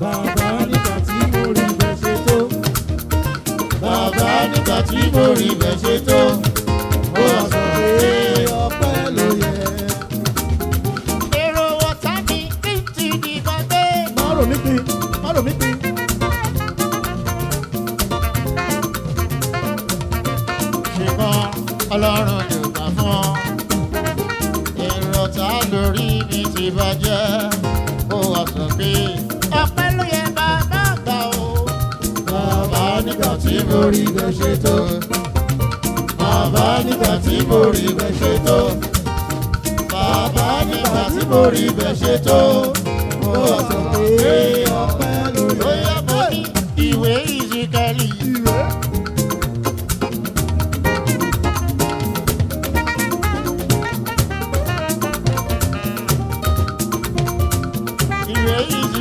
Baba nígbà tí mo rí bẹ́ẹ̀ ṣe tó. sì bàjẹ́ ó wà sọ pé ọpẹ́ ló yẹ bàbá àgbà o. bàbá nígbà tí mo rí ibẹ̀ ṣe tó. bàbá nígbà tí mo rí ibẹ̀ ṣe tó. bàbá nígbà tí mo rí ibẹ̀ ṣe tó. ó wà sọ pé ọpẹ́ ló yẹ bàbá àgbà o. ìwé ìsìnkẹ́lì. ìwé.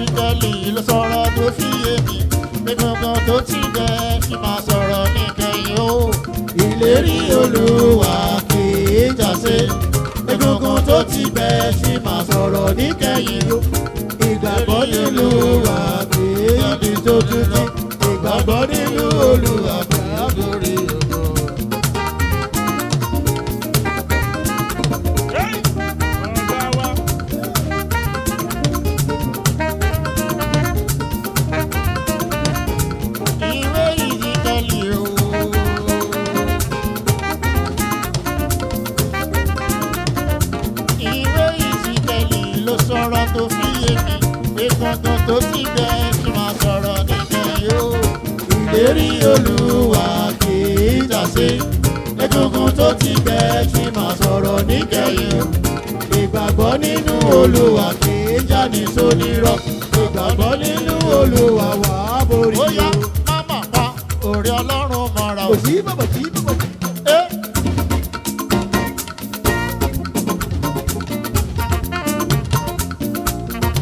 ti dẹ́lì ló sọ̀rọ̀ tó fi yé mi gbẹ̀gbọ̀ngàn tó ti dẹ́ fi máa sọ̀rọ̀ níkẹyìn o. ìlérí olúwa kìí jàse gbẹ̀gbọ̀ngàn tó ti bẹ́ fi máa sọ̀rọ̀ níkẹyìn o. ìgbàgbọ́ ni olúwa kìí jàse tó dúró ìgbàgbọ́ ni. ní sónírọ́ ìgbàgbọ́ nínú olúwa wà á borí o. ó yá pa òrè ọlọ́run mọ́ra o. kò sí bàbà sí sí.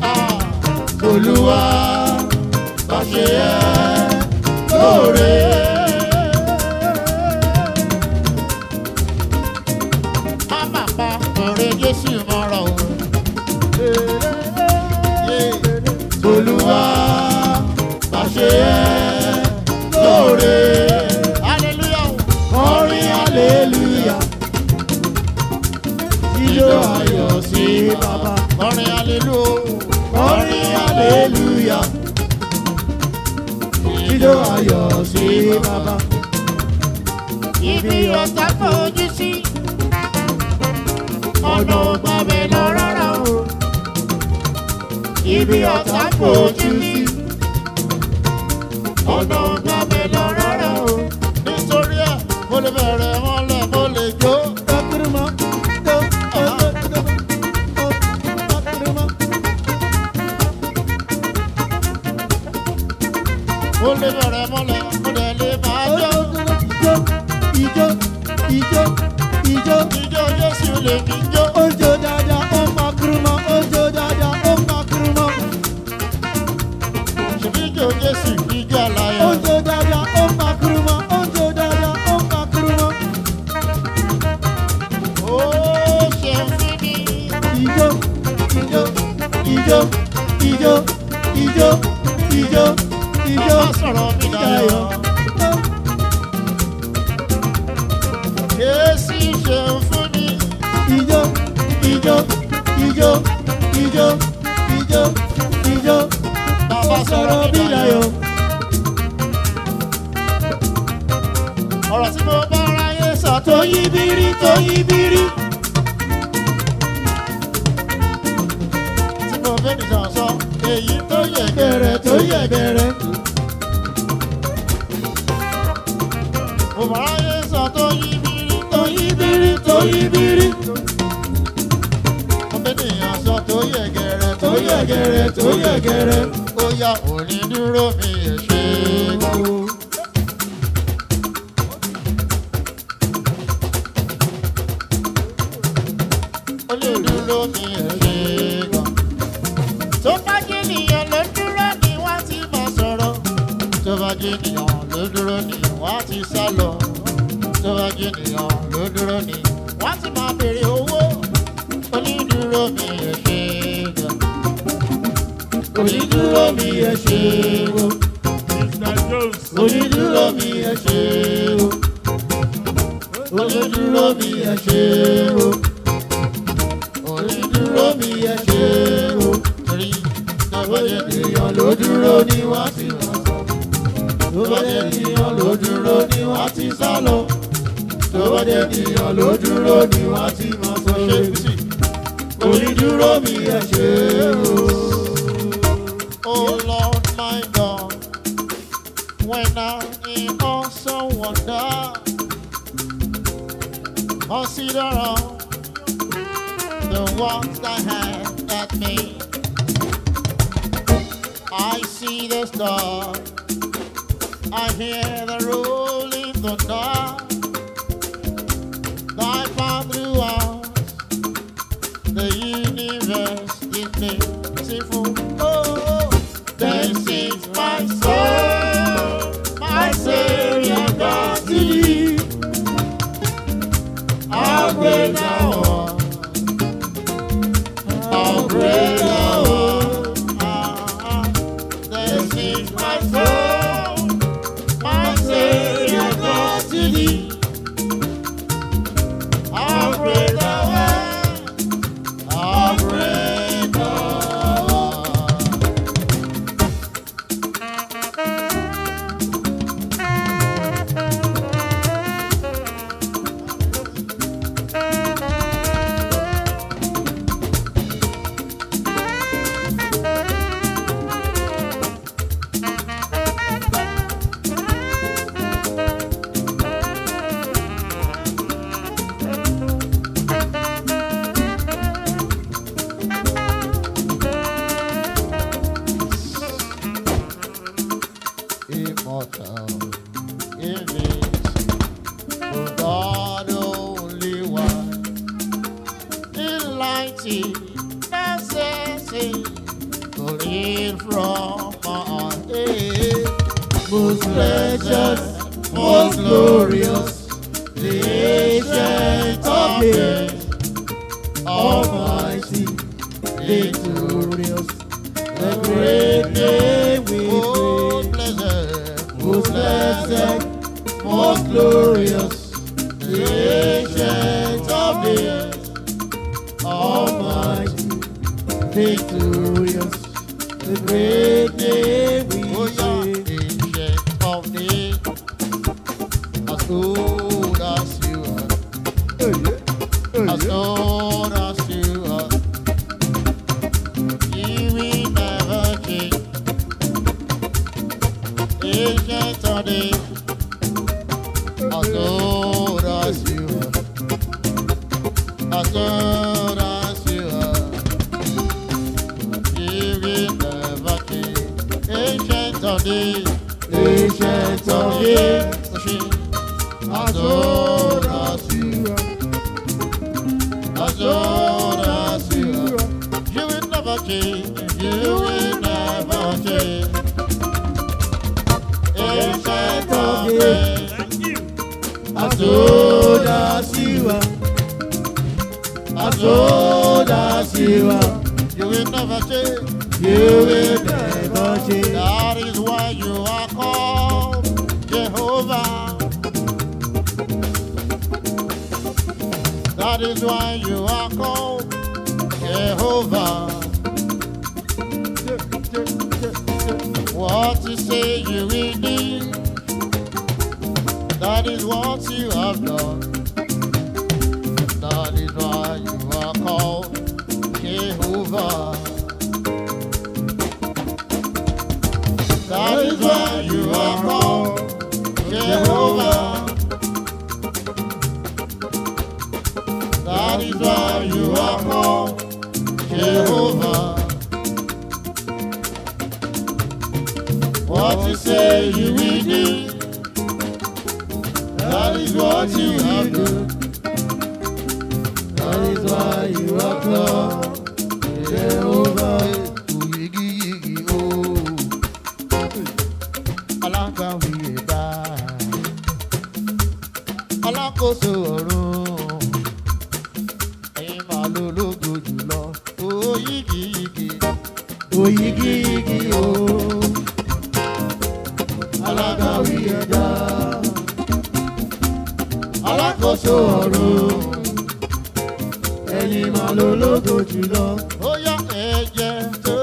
Ah. olúwa bá ṣe ẹ́ lóore. ijó ayọ̀ sí bàbá. Ibi ọ̀tá fojú sí, ọ̀nà ògbàbẹ̀ lọ rárá o. Ibi ọ̀tá fojú sí. Esi Jésù ṣeun fún ijo, ijo, ijo, ijo, ijó ijó ijó bàbá sọ̀rọ̀ bí dayọ̀. Ọ̀rọ̀ tí mo bá ara yẹn sọ tó yí bírí tó yí bírí. Tí mo fẹ́ nìkan sọ èyí tó yẹ̀gẹ̀rẹ̀ tó yẹ̀gẹ̀rẹ̀. yẹ̀gẹ̀rẹ̀ tó yẹ̀gẹ̀rẹ̀ ó yá òní dúró mi èso. onídúró mi ẹ ṣé o. onídúró mi ẹ ṣé o. onídúró mi ẹ ṣé o. onídúró mi ẹ ṣé o. torí àbọ̀dé èèyàn ló dúró ni wọ́n ti lọ sọ. èèyàn ló dúró ni wọ́n ti sá lọ. àbọ̀dé èèyàn ló dúró ni wọ́n ti mọ̀ sọ. onídúró mi ẹ ṣé o. oh Lord my God, when I in also wonder, consider all the ones that have at me. I see the stars, I hear the rolling thunder, thy power throughout the universe is merciful. Oh. from Most precious, most glorious, the ancient of days, almighty, victorious, the great name we praise. Most blessed, most glorious, victorious, the great you You will never change. You will never change. That is why you are called Jehovah. That is why you are called Jehovah. What you say you will do, that is what you have done. That is why you are wrong, Jehovah. That is why you are wrong, Jehovah. What you say you will do, that is what you will do. That is why you are close. ẹ̀yin mà lólógo jùlọ. ó yá ẹ̀jẹ̀ tó.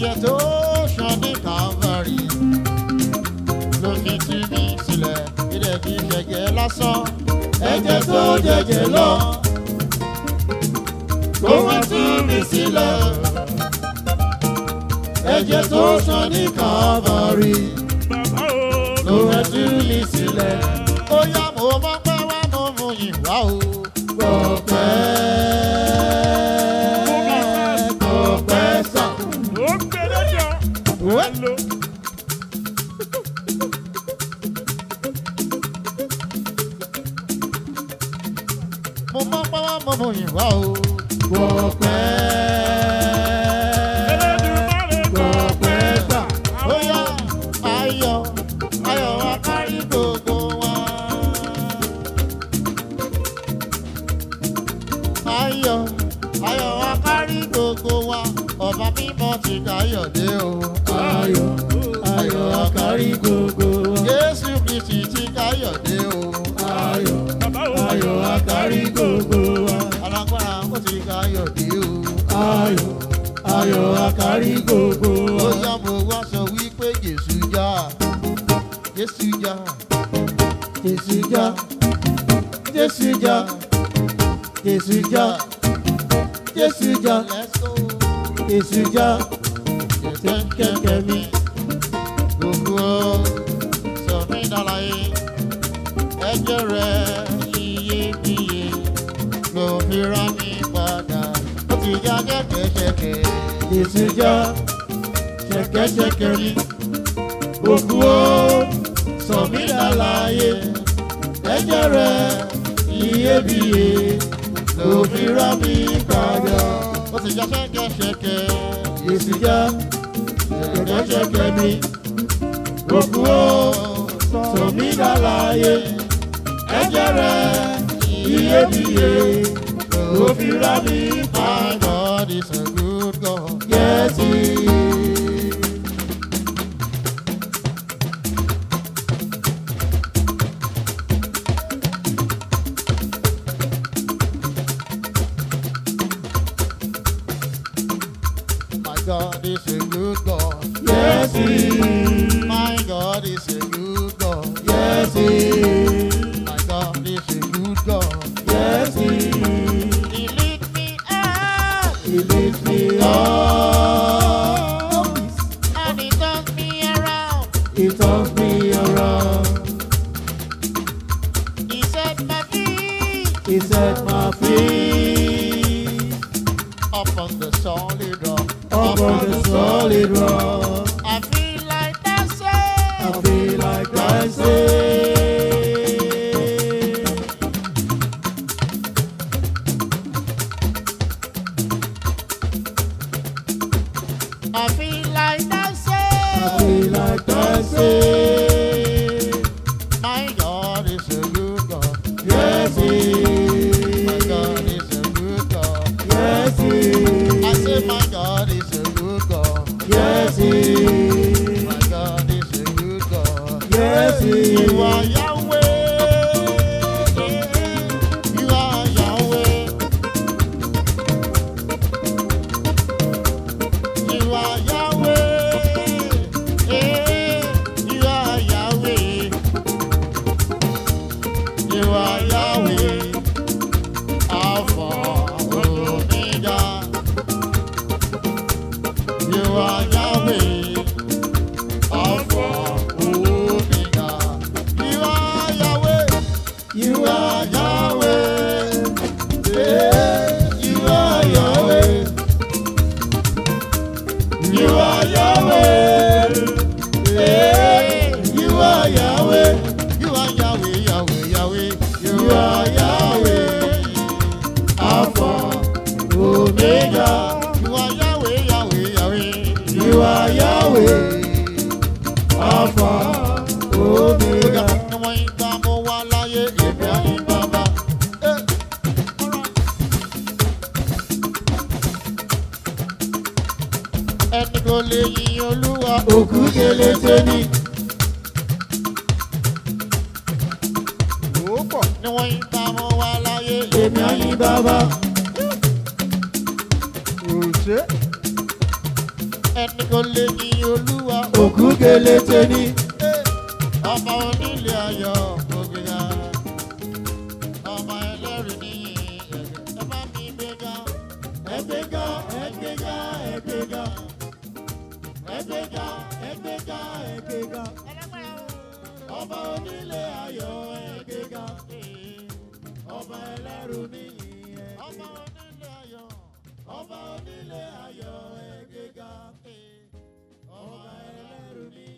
ẹ̀jẹ̀ tó ṣàn ní Calvary ló fi tì mí sílẹ̀ ilẹ̀ fi ṣẹ̀jẹ̀ lásán ẹ̀jẹ̀ tó jẹ̀jẹ̀ lọ ló fi tì mí sílẹ̀ ẹ̀jẹ̀ tó ṣàn ní Calvary ló fi tì mí sílẹ̀. amúyìn wá o. Gbọ̀pẹ́. Gbọ̀pẹ́ gbà. Ó yá ayọ̀ ayọ̀ wa kárí gbogbo wa. Ayọ̀ ayọ̀ wa kárí gbogbo wa. Ọba mímọ́ ti káyọ̀dé o. Ayọ̀ ayọ̀ wa kárí Kristi ti káyọ̀dé o. Ayọ̀ ayọ̀ wa gbogbo ayọ̀ dé o. ayọ̀ ayọ̀ àkárí gbogbo. ó yá mo wá sọ wípé Jésù já Jésù já Jésù já Jésù já Jésù já Jésù já Jésù já kẹ̀kẹ́ mi. gbogbo sọ mí dára yé rẹ̀. ìsúnjá ṣẹ̀kẹ̀ṣẹ̀kẹ̀. ìsúnjá ṣẹ̀kẹ̀ṣẹ̀kẹ̀ ni òkú ó sọ mí lálàyé ẹ̀jẹ̀ rẹ̀ iyebíye ló fi rá mi padà. ó sì já ṣẹ̀kẹ̀ṣẹ̀kẹ̀. ìsúnjá ṣẹ̀kẹ̀ṣẹ̀kẹ̀ mi òkú ó sọ mí lálàyé ẹ̀jẹ̀ rẹ̀ iyebíye ló fi rá mi padà. God is a good God. Yes, He is. fẹ́ fi. ìwà yá. dàrú nìyẹn. ọba onílé ayọ̀ ọba onílé ayọ̀ ẹgbẹgà ọba ẹlẹ́rù nìyẹn.